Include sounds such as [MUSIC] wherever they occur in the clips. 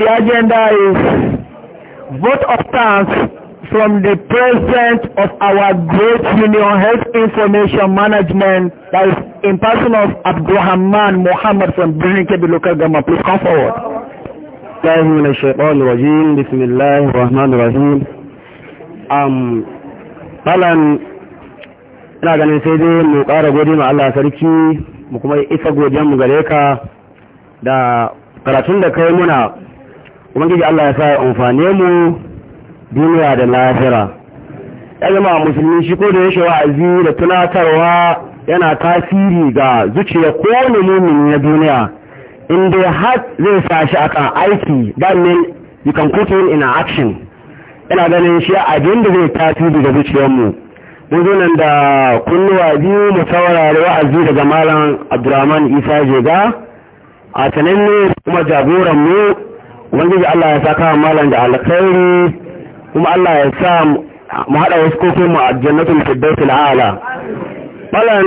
The agenda is vote of thanks from the president of our great union health information management that is in person of Abdulrahman Muhammad from Birnin local government. Please come forward. الله من الشيطان الرجيم بسم الله الرحمن الرحيم um falan ina ganin sai dai mu ƙara gode ma Allah sarki mu kuma isa godiyan mu gare ka da karatun da kai muna ubangiji Allah ya sa amfane mu duniya da lahira ya zama musulmi shi ko da yake wa'azi da tunatarwa yana tasiri ga zuciya kowane mumin na duniya in dai har zai sa shi akan aiki that mean you can put in action yana ganin shi abin da zai tasiri ga zuciyarmu mun zo nan da kunnuwa biyu mu saurari wa'azi daga malam Abdurrahman Isa Jega a sananne kuma jagoran mu ubangiji Allah ya sa kawo malam da alkhairi kuma Allah ya sa mu haɗa wasu kofin mu a jannatul firdausi ala malam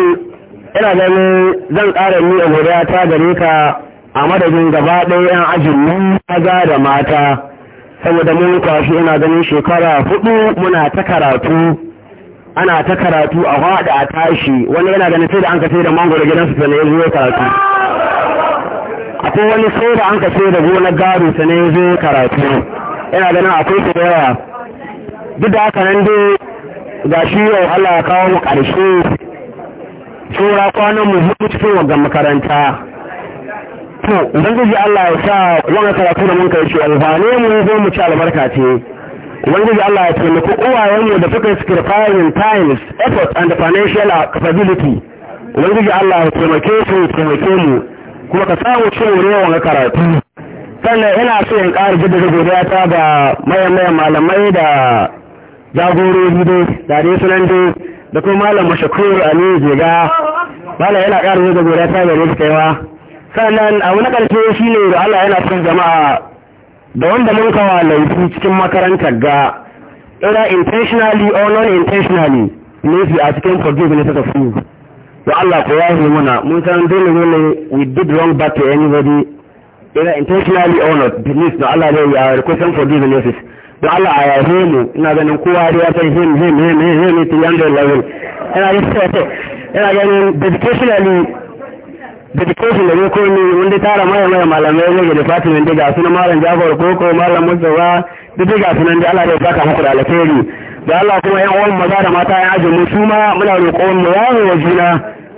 ina ganin zan ƙara ni a ta gare ka a madadin gaba ɗaya yan ajinmu maza da mata saboda mun kwashi ina ganin shekara hudu muna ta karatu ana ta karatu a hada a tashi wani yana ganin sai da an ka sai da mangoro gidansu da ne zuwa karatu akwai wani sai da an ka sai da gonar garu ta ne zo karatu yana ganin akwai su da yawa duk da haka nan dai ga shi yau Allah ya kawo mu ƙarshe tsora kwanan mu zuwa cikin wagan makaranta to ubangiji Allah ya sa wani karatu da mun kai shi alfane mu zo mu ci albarka ce ubangiji Allah ya taimaki uwayen mu da suka sacrificing times effort and financial capability ubangiji Allah ya taimake su taimake mu kuma ka samu cewar yawan karatu sannan ina so in ƙara jaddada godiya ta ga mayan malamai da jagorori da dare sunan da da kuma malam mashakur ali jega malam yana ƙara jaddada godiya ta ga yawa sannan abu na ƙarshe shine da Allah yana son jama'a da wanda mun kawa laifi cikin makarantar ga ina intentionally or non intentionally ne a cikin forgiveness of food wa Allah ko yahi muna mun san dole ne we did wrong back to anybody either intentionally or not please no Allah dai ya request for this message don Allah ya yahe mu ina ganin kowa dai ya san him him him him him to yonder level ina ganin [LAUGHS] ina ganin dedicationally dedication da ko ne wanda tara mai mai malamai ne ga department da ga sunan malam Jafar Koko malam Mustafa duk ga sunan da Allah ya saka muku alheri da Allah kuma yan uwan maza da mata yan ajin mu su ma muna roƙon mu yawo wa juna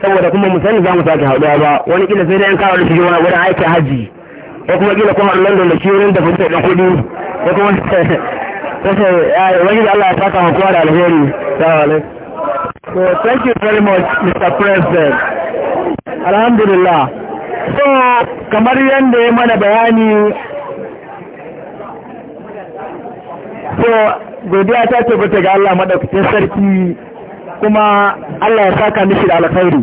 saboda kuma mu sani za mu sake haɗuwa ba wani kila sai dai yan kawo da shi wani wurin aikin haji ko kuma kila kuma London da shi wurin da fita da kuɗi ko kuma [LAUGHS] eh, wani da Allah ya saka mu kowa da alheri So thank you very much Mr. President. Alhamdulillah. So kamar yadda ya mana bayani so godiya ta ce bata ga Allah maɗaukacin sarki kuma Allah ya saka mishi da alkhairi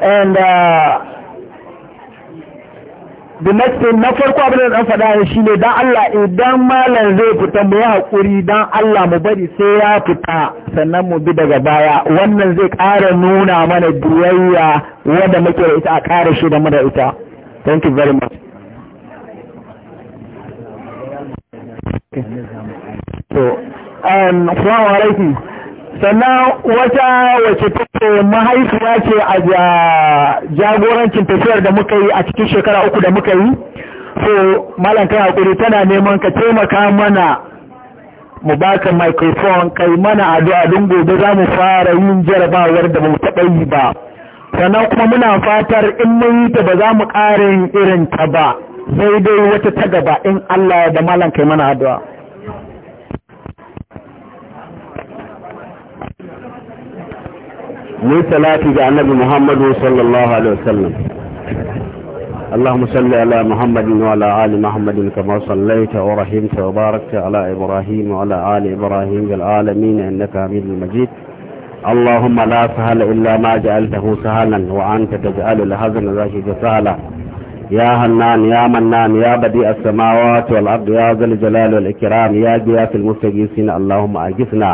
and uh, the na farko abin da dan faɗa shi ne dan Allah idan malam zai fita mu yi haƙuri dan Allah mu bari sai ya fita sannan mu bi daga baya wannan zai ƙara nuna mana biyayya wanda muke da ita a ƙara shi da mu da ita thank you very much to um, alaikum sannan wata wace take mahaifiya ce a jagorancin tafiyar da muka yi a cikin shekara uku da muka yi so malam kai hakuri tana neman ka taimaka mana mu baka microphone kai mana addu'a don gobe za mu fara yin jarabawar da mu taɓa yi ba sannan kuma muna fatar in mun yi ta ba za mu ƙara irin ta ba sai dai wata ta gaba in Allah da malam kai mana addu'a من ثلاثة على النبي محمد صلى الله عليه وسلم اللهم صل على محمد وعلى آل محمد كما صليت ورحمت وباركت على إبراهيم وعلى آل إبراهيم العالمين إنك حميد مجيد اللهم لا سهل إلا ما جعلته سهلا وأنت تجعل الحزن رشيد سهلا يا هنان يا منان يا بديع السماوات والأرض يا ذا الجلال والإكرام يا جياس المستجيسين اللهم أجثنا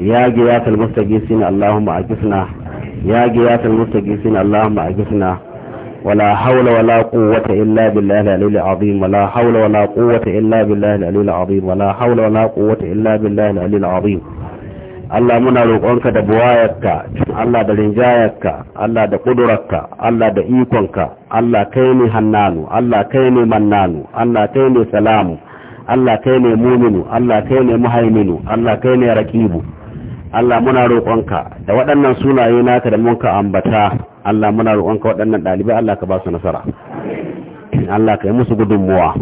يا جيات المستغيثين اللهم أجفنا يا جيات المستغيثين اللهم أجفنا ولا حول ولا قوة إلا بالله العلي العظيم ولا حول ولا قوة إلا بالله العلي العظيم ولا حول ولا قوة إلا بالله العلي العظيم Allah muna roƙonka da buwayarka, Allah da rinjayarka, Allah da ƙudurarka, Allah da ikonka, Allah kai ne hannanu, Allah kai ne mannanu, Allah kai salamu, Allah kai muminu, Allah muhaiminu, Allah rakibu. Allah muna roƙonka da waɗannan sunaye naka da munka ambata Allah muna roƙonka waɗannan ɗalibai Allah ka ba su nasara Allah ka yi musu gudunmuwa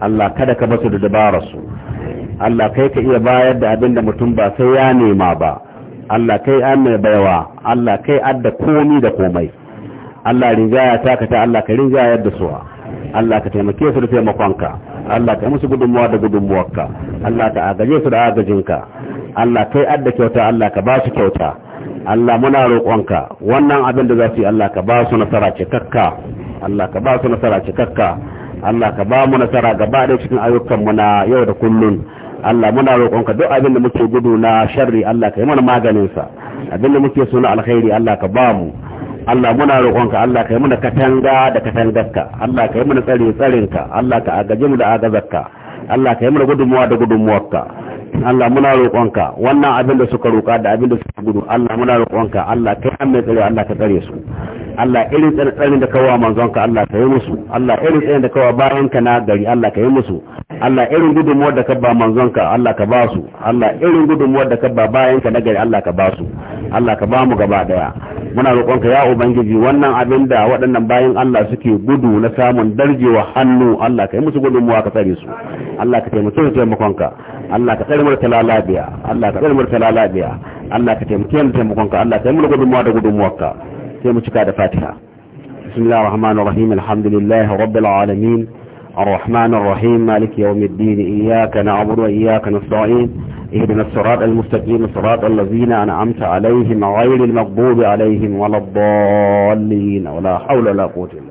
Allah kada ka basu da su Allah kai ka iya bayar da abin da mutum ba sai ya nema ba Allah kai an mai baiwa Allah kai adda komi da komai Allah rinjaya ta ka ta Allah ka rinjaya da suwa Allah ka taimake su da taimakonka Allah ka yi musu gudunmuwa da gudunmuwarka Allah ka agaje su da agajinka Allah kai adda kyauta Allah ka ba su kyauta Allah muna roƙonka wannan abin da za su yi Allah ka ba su nasara cikakka Allah ka ba su nasara cikakka Allah ka ba mu nasara gaba da cikin ayyukan mu na yau da kullun Allah muna roƙonka duk abin da muke gudu na sharri Allah ka yi mana maganin sa abin da muke so na alkhairi Allah ka ba mu Allah muna roƙonka Allah ka yi mana katanga da katangarka Allah ka yi mana tsare tsarinka Allah ka agaje mu da agazarka Allah ka yi mana gudunmuwa da gudunmuwarka Allah muna roƙonka wannan abin da suka roƙa da abin da suka gudu Allah muna roƙonka Allah kai an mai tsare Allah ka tsare su Allah irin tsarin da kawa manzonka Allah ka yi musu Allah irin tsarin da bayan bayanka na gari Allah ka yi musu Allah irin gudunmuwar da ka ba manzonka Allah ka ba su Allah irin gudunmuwar da ka ba bayanka na gari Allah ka ba su Allah ka ba mu gaba daya muna roƙonka ya ubangiji wannan abin da waɗannan bayan Allah suke gudu na samun darjewa hannu Allah ka yi musu gudunmuwa ka tsare su Allah ka taimake mu taimakonka Allah ka tsare mu da lafiya Allah ka tsare mu da lafiya Allah ka taimake mu taimakonka Allah ka yi mu gudunmuwa da gudunmuwarka sai mu cika da Fatiha bismillahir rahmanir rahim alhamdulillahi rabbil alamin الرحمن الرحيم مالك يوم الدين إياك نعبد وإياك نستعين اهدنا الصراط المستقيم صراط الذين أنعمت عليهم غير المغضوب عليهم ولا الضالين ولا حول ولا قوة إلا